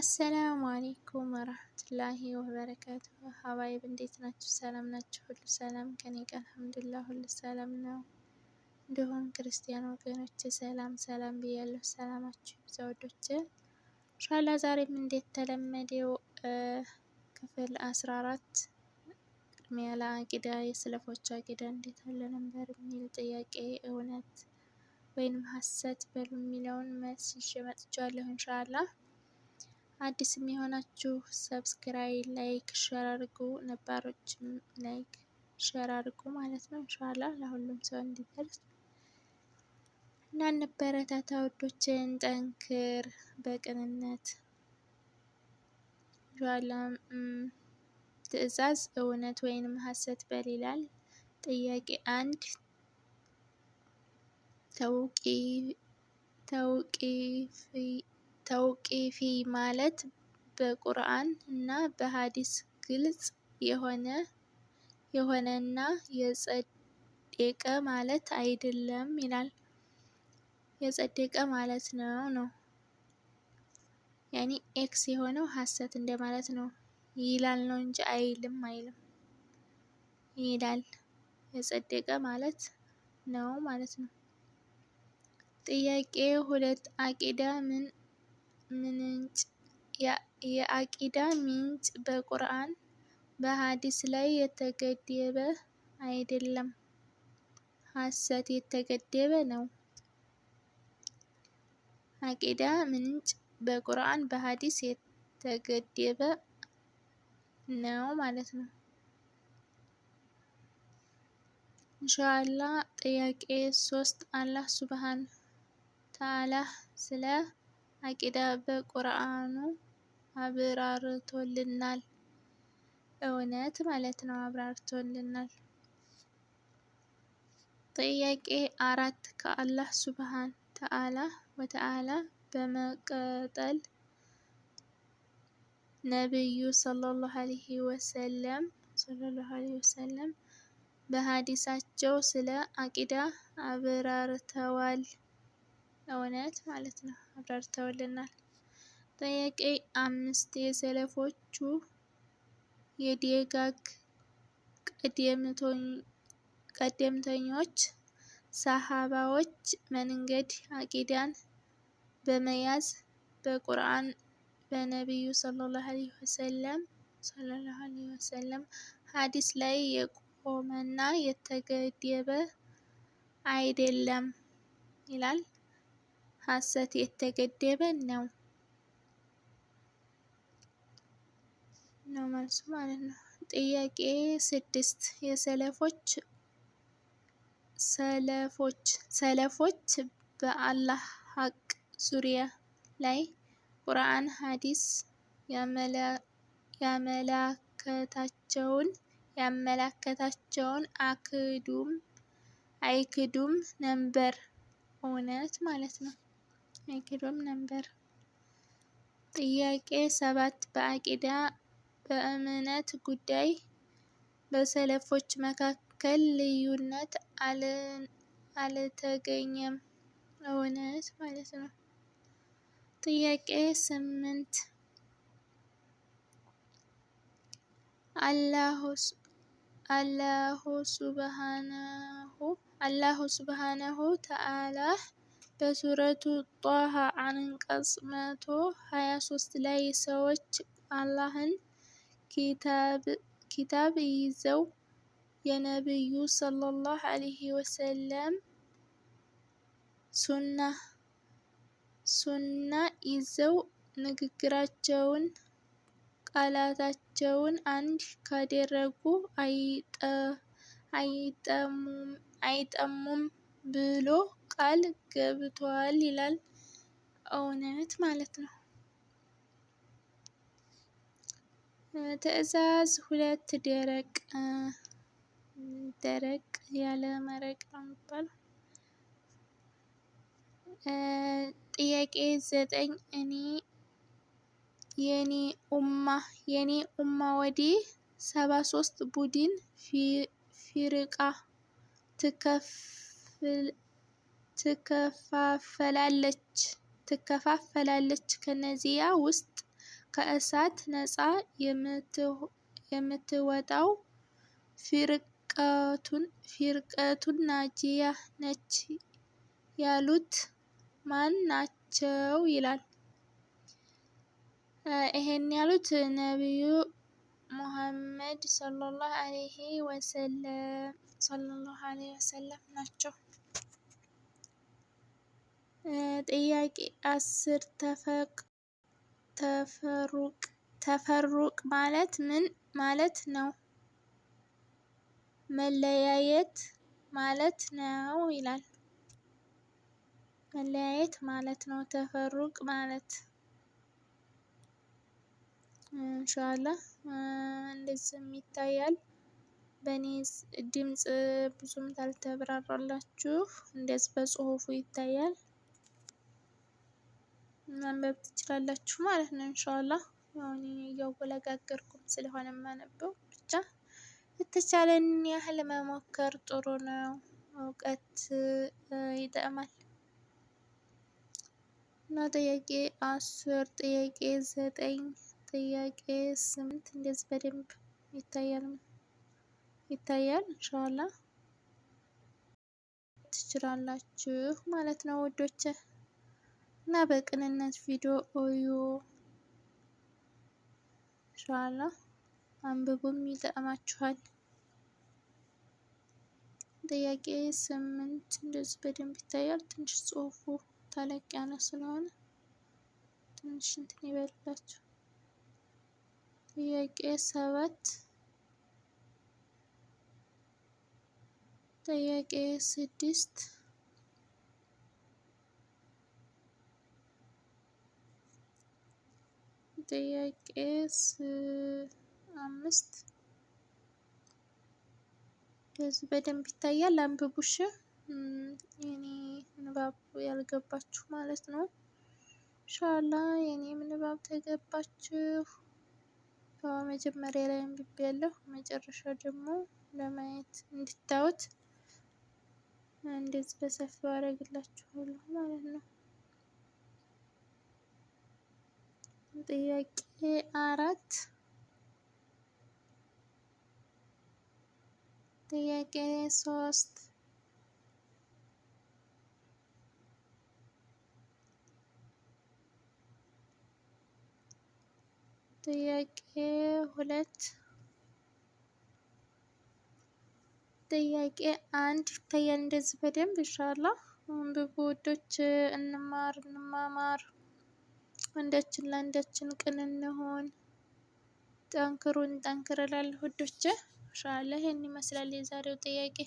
አሰላሙ አሌይኩም ወረህመቱላሂ ወበረካቱ። ሀባይብ እንዴት ናችሁ? ሰላም ናችሁ? ሁሉ ሰላም ከኔ ጋር አልሐምዱሊላህ ሁሉ ሰላም ነው። እንዲሁም ክርስቲያን ወገኖች ሰላም ሰላም ብያለሁ። ሰላማችሁ ይብዛ ሻላ ዛሬም እንደተለመደው ክፍል አስራ አራት ቅድሚያ ለአቂዳ የስለፎች አቂዳ እንዴት አለ ነበር የሚል ጥያቄ እውነት ወይንም ሀሰት በሉ የሚለውን መልስ ይዤ መጥቻለሁ ኢንሻአላህ አዲስም የሆናችሁ ሰብስክራይብ፣ ላይክ፣ ሸር አድርጉ። ነባሮችም ላይክ ሸር አድርጉ ማለት ነው። እንሻላ ለሁሉም ሰው እንዲደርስ እና እንበረታታ ውዶችን። ጠንክር በቅንነት እንሻላ። ትዕዛዝ እውነት ወይንም ሀሰት በል ይላል። ጥያቄ አንድ ተውቂፍ ተውቂፊ ማለት በቁርአን እና በሀዲስ ግልጽ የሆነ የሆነና የጸደቀ ማለት አይደለም ይላል። የጸደቀ ማለት ነው ነው ያኒ ኤክስ የሆነው ሀሰት እንደማለት ነው ይላል ነው እንጂ አይልም አይልም ይላል። የጸደቀ ማለት ነው ማለት ነው። ጥያቄ ሁለት አቂዳ ምን ምንጭ የአቂዳ ምንጭ በቁርአን በሀዲስ ላይ የተገደበ አይደለም ሀሰት የተገደበ ነው። አቂዳ ምንጭ በቁርአን በሀዲስ የተገደበ ነው ማለት ነው። እንሻላ ጥያቄ ሶስት አላህ ሱብሃነ ተዓላ ስለ አቂዳ በቁርአኑ አብራርቶልናል። እውነት ማለት ነው አብራርቶልናል። ጥያቄ አራት ከአላህ ሱብሃን ተዓላ ወተዓላ በመቀጠል ነብዩ ሰለላሁ ዓለይሂ ወሰለም ሰለላሁ ዓለይሂ ወሰለም በሀዲሳቸው ስለ አቂዳ አብራርተዋል። እውነት ማለት ነው። አብራርተውልናል። ጥያቄ አምስት የሰለፎቹ የደጋግ ቀደምተኞች ሰሃባዎች መንገድ አቂዳን በመያዝ በቁርአን በነቢዩ ሰለላሁ ዐለይሂ ወሰለም ሰለላሁ ዐለይሂ ወሰለም ሐዲስ ላይ የቆመና የተገደበ አይደለም ይላል። ሐሰት የተገደበ ነው ነው መልሱ ማለት ነው። ጥያቄ ስድስት የሰለፎች ሰለፎች ሰለፎች በአላህ ሀቅ ዙሪያ ላይ ቁርአን፣ ሀዲስ ያመላከታቸውን ያመላከታቸውን አክዱም አይክዱም ነበር እውነት ማለት ነው። አይክዶም ነበር። ጥያቄ ሰባት በአቂዳ በእምነት ጉዳይ በሰለፎች መካከል ልዩነት አልተገኘም። እውነት ማለት ነው። ጥያቄ ስምንት አላሁ ሱብሃነሁ ተዓላ በሱረቱ ጧሃ አንቀጽ መቶ ሀያ ሶስት ላይ ሰዎች አላህን ኪታብ ይዘው የነቢዩ ሰለላሁ ዐለይሂ ወሰለም ሱና ይዘው ንግግራቸውን ቃላታቸውን አንድ ካደረጉ አይጠሙም ብሎ ቃል ገብቷል ይላል። እውነት ማለት ነው። ትዕዛዝ ሁለት ደረቅ ደረቅ ያለ መረቅ ነው የሚባለው። ጥያቄ ዘጠኝ እኔ የኔ ኡማ የኔ ኡማ ወዴ ሰባ ሶስት ቡድን ፊርቃ ትከፍል ትከፋፈላለች ትከፋፈላለች ከነዚያ ውስጥ ከእሳት ነፃ የምትወጣው ፊርቀቱን ናጂያ ነች ያሉት ማን ናቸው? ይላል። ይሄን ያሉት ነቢዩ ሙሐመድ ሰለላሁ ዐለይሂ ወሰለም ናቸው። ጥያቄ አስር ተፈቅ ተፈሩቅ ተፈሩቅ ማለት ምን ማለት ነው? መለያየት ማለት ነው ይላል። መለያየት ማለት ነው ተፈሩቅ ማለት ኢንሻአላህ እንደዚህም ይታያል። በእኔ ድምፅ ብዙም ታልተብራራላችሁ እንደዚህ በጽሁፉ ይታያል። ማንበብ ትችላላችሁ ማለት ነው። እንሻላ አሁን እያወለጋገርኩም ስለሆነ የማነበው ብቻ የተቻለን ያህል መሞከር ጥሩ ነው። እውቀት ይጠቅማል። እና ጥያቄ አስር ጥያቄ ዘጠኝ ጥያቄ ስምንት እንደዚህ በደንብ ይታያል ይታያል። እንሻላ ትችላላችሁ ማለት ነው ውዶቼ። እና በቅንነት ቪዲዮ ኦዩ ኢንሻአላ አንብቡም ይጠቅማችኋል። ጥያቄ ስምንት እንደዚህ በደንብ ይታያል። ትንሽ ጽሁፉ ተለቅ ያለ ስለሆነ ትንሽ እንትን ይበልላችሁ። ጥያቄ ሰባት ጥያቄ ስድስት ጥያቄ አምስት እዚህ በደንብ ይታያል። አንብቡሽ የኔ ንባብ ያልገባችሁ ማለት ነው። ኢንሻላ የኔም ንባብ ተገባችሁ። መጀመሪያ ላይ አንብቤ ያለሁ መጨረሻ ደግሞ ለማየት እንድታዩት እንደዚህ በሰፊው አደርግላችኋለሁ ማለት ነው። ጥያቄ አራት ጥያቄ ሶስት ጥያቄ ሁለት ጥያቄ አንድ ይታያል እንደዚህ በደንብ ኢንሻአላህ አንብቡ ውዶች እንማር እንማማር አንዳችን ለአንዳችን ቅን እንሆን። ጠንክሩን ጠንክር እላለሁ ውዶቼ። ኢንሻአላህ ይሄን ይመስላል የዛሬው ጥያቄ።